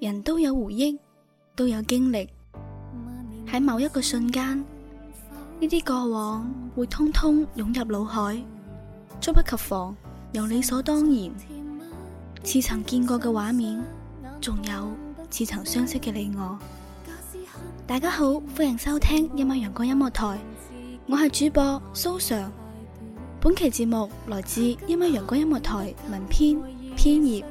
人都有回憶，都有經歷。喺某一個瞬間，呢啲過往會通通湧入腦海，猝不及防，由理所當然，似曾見過嘅畫面，仲有似曾相識嘅你我。大家好，歡迎收聽一米陽光音樂台，我是主播蘇常。本期節目來自一米陽光音樂台文篇篇友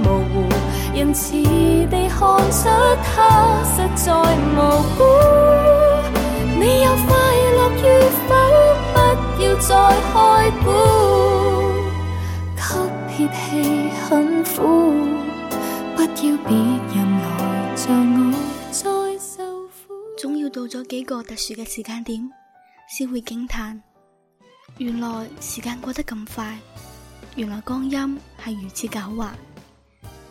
糊。仁慈地看出他實在無辜。你有快樂與否，不要再開估，給撇棄很苦，不要別人來像我再受苦。總要到咗幾個特殊嘅時間點，先會驚嘆，原來時間過得咁快，原來光陰係如此狡猾。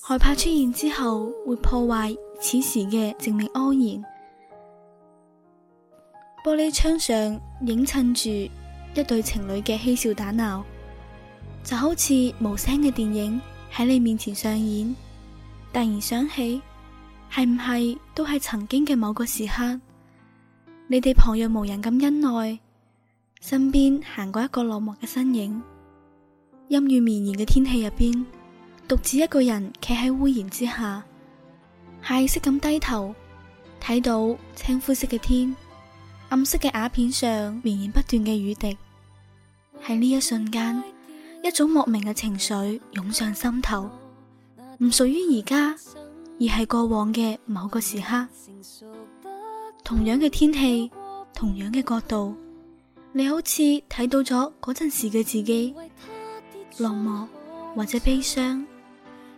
害怕出現之後會破壞此時嘅靜謐安然。玻璃窗上映襯住一對情侶嘅嬉笑打鬧，就好似無聲嘅電影喺你面前上演。突然想起，係唔係都係曾經嘅某個時刻？你哋旁若無人咁恩愛，身邊行過一個落寞嘅身影。陰雨綿延嘅天氣入邊。獨自一個人企喺烏檐之下，下意識咁低頭，睇到青灰色嘅天，暗色嘅瓦片上綿延不斷嘅雨滴。喺呢一瞬間，一種莫名嘅情緒湧上心頭，唔屬於而家，而係過往嘅某個時刻。同樣嘅天氣，同樣嘅角度，你好似睇到咗嗰陣時嘅自己，落寞或者悲傷。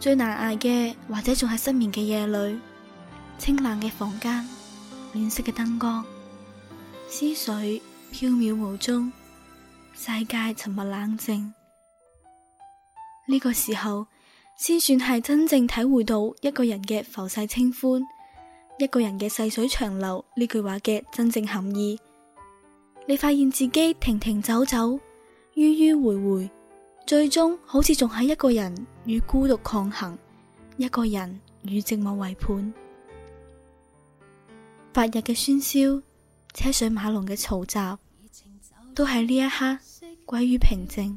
最難捱嘅，或者仲係失眠嘅夜裏，清冷嘅房間，暖色嘅燈光，思緒飄渺無蹤，世界沉默冷靜。呢個時候，先算係真正體會到一個人嘅浮世清歡，一個人嘅細水長流。呢句話嘅真正含義。你發現自己停停走走，迂迂迴迴，最終好似仲係一個人與孤獨抗衡，一個人與寂寞為伴。白日嘅喧囂，車水馬龍嘅嘈雜，都喺呢一刻歸於平靜。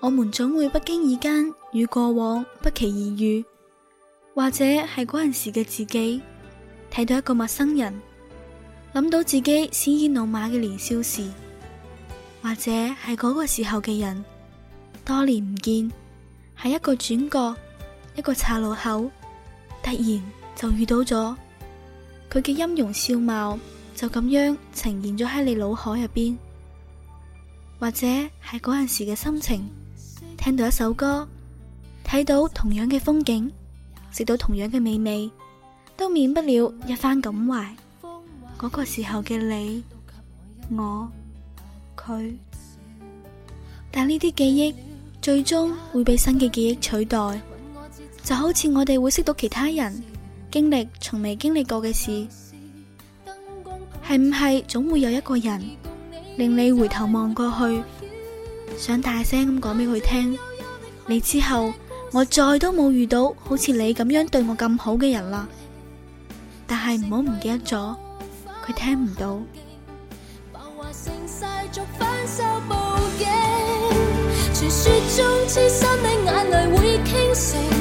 我們總會不經意間與過往不期而遇，或者係嗰陣時嘅自己，睇到一個陌生人，諗到自己鮮衣怒馬嘅年少時，或者係嗰個時候嘅人，多年唔見，喺一個轉角、一個岔路口，突然就遇到咗佢嘅音容笑貌，就咁樣呈現咗喺你腦海入邊，或者係嗰陣時嘅心情。聽到一首歌，睇到同樣嘅風景，食到同樣嘅美味，都免不了一番感懷。嗰個時候嘅你、我、佢，但呢啲記憶最終會被新嘅記憶取代。就好似我哋會識到其他人，經歷從未經歷過嘅事，係唔係總會有一個人令你回頭望過去？想大聲咁講俾佢聽，你之後我再都冇遇到好似你咁樣對我咁好嘅人啦。但係唔好唔記得咗，佢聽唔到。傳說中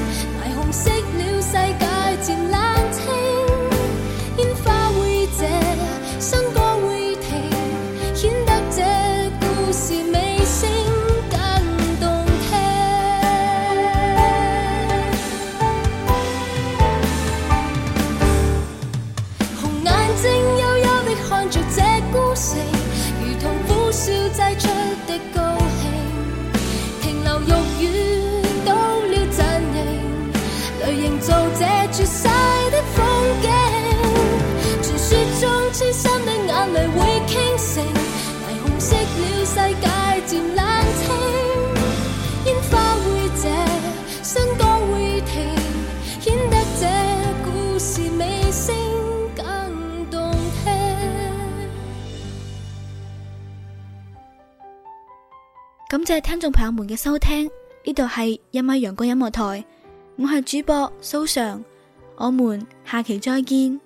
感謝聽眾朋友們嘅收聽，呢度係一米陽光音樂台，我係主播蘇常，我們下期再見。